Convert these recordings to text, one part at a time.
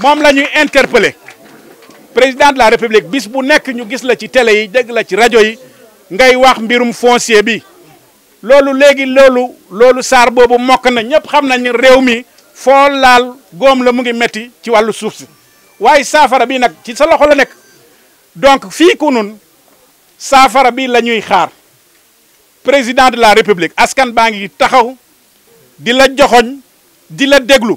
moom la ñuy interpellé président de la république bis bu nekk ñu gis la ci télé yi dégg la ci rajo yi ngay wax mbirum foncier bi loolu léegi loolu loolu saar boobu mokk na ñëpp xam nañ ni réew mi foo laal góom la mu ngi metti ci wàllu suuf si waaye saafara bi nag ci sa loxo la nekk donc fii ku nun saafara bi la ñuy xaar président de la république askan baa ngi taxaw di la joxoñ di la déglu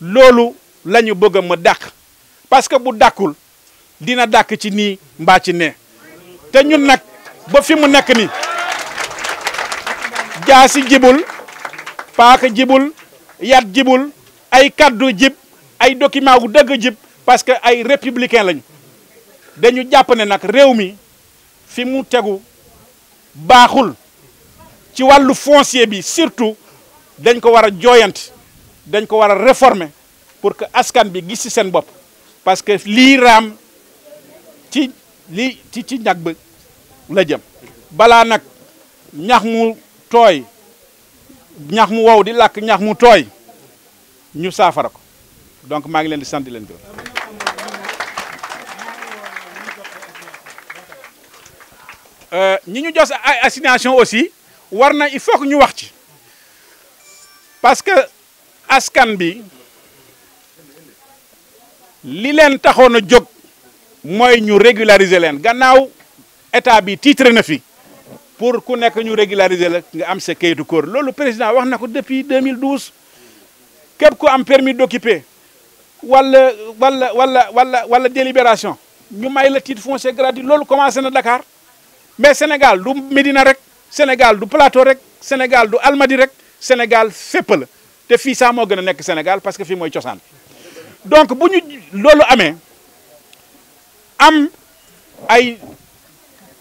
loolu la ñu bëgg ma dàq parce que bu dàkkul dina dàkk ci nii mbaa ci ne te ñun nag ba fi mu nekk ni jaasi jibul paaka jibul yat jibul ay kaddu jib ay document wu dëgg jib parce que ay républicain lañu dañu jàpp ne nag réew mi fi mu tegu baaxul ci wàllu foncier bi surtout dañ ko war a jooyant dañ ko war a réformer pour que askan bi gis ci seen bopp parce que lii raam ci li ci ci ñag ba la jëm balaa nag ñax mu tooy ñax mu wow di làkk ñax mu tooy ñu saafara ko donc maa ngi leen di sant di leen gërëm euh, ñi ñu jox assignation aussi war na il faut que ñu wax ci parce que askan bi li len taxoon jog moy ñu régulariser les gannaaw état bi titre na fi pour ku nous ñu régulariser la nga am sa kayitu kóor loolu président wax nako depuis 2012 kep ku am permis d'occuper wala wala wala wala wala délibération ñu may le titre foncier gratuit loolu commencé na Dakar mais Sénégal du Médina rek Sénégal du Plateau rek Sénégal du Almadi rek Sénégal fépp la te fi sa mo gëna a Sénégal parce que fi moy donc buñu lolu amé am ay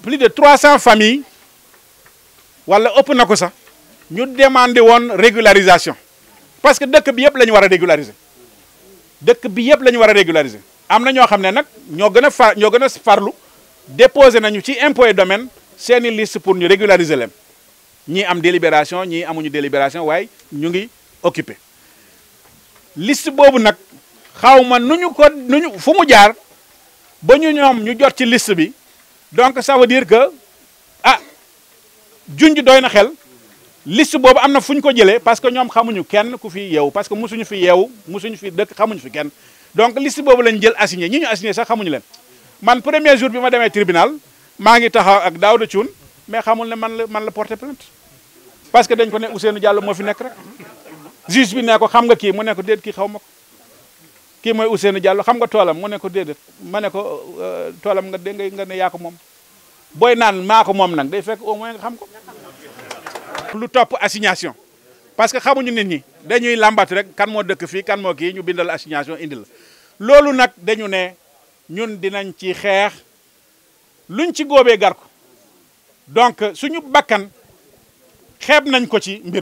plus de 300 familles wala ont nako ñu demandé régularisation parce que dëkk bi yëpp lañu wara régulariser dëkk bi yëpp lañu wara régulariser am na ñoo ne nag ñoo gën farlu domaine liste pour ñu régulariser leen ñii am délibération ñii amuñu délibération ñu occupé liste boobu nak, xaw ma nu ñu ko nu ñu fu mu jaar ba ñu ñoom ñu jot ci liste bi donc ça veut dire que ah junj doy na xel liste boobu pas na fu ñu ko jëlee parce que ñoom xamuñu kenn ku fi yeewu parce que musuñu fi yeewu musuñu fi dëkk xamuñu fi kenn donc liste boobu lañ jël assigné ñi ñu sax xamuñu leen man premier jour bi ma tribunal maa ngi taxaw ak Daouda Thioune mais xamul ne man la man la porter plainte parce que dañ ko ne Ousseynou Diallo moo fi nekk rek juge bi ne ko xam nga kii mu ne ko déet kii xaw ma ko kii mooy Ousseynou Diallo xam nga toolam mu ne ko déedéet ma ne ko euh, toolam nga dégg nga ne yaako moom booy naan maa moom nag day fekk au moins nga xam ko. lu topp assignation parce que xamuñu nit ñi dañuy làmbatu rek kan moo dëkk fii kan moo kii ñu bindal assignation indi la loolu nag dañu ne ñun dinañ ci xeex luñ ci góobee gar ko donc suñu bakkan xeeb nañ ko ci mbir.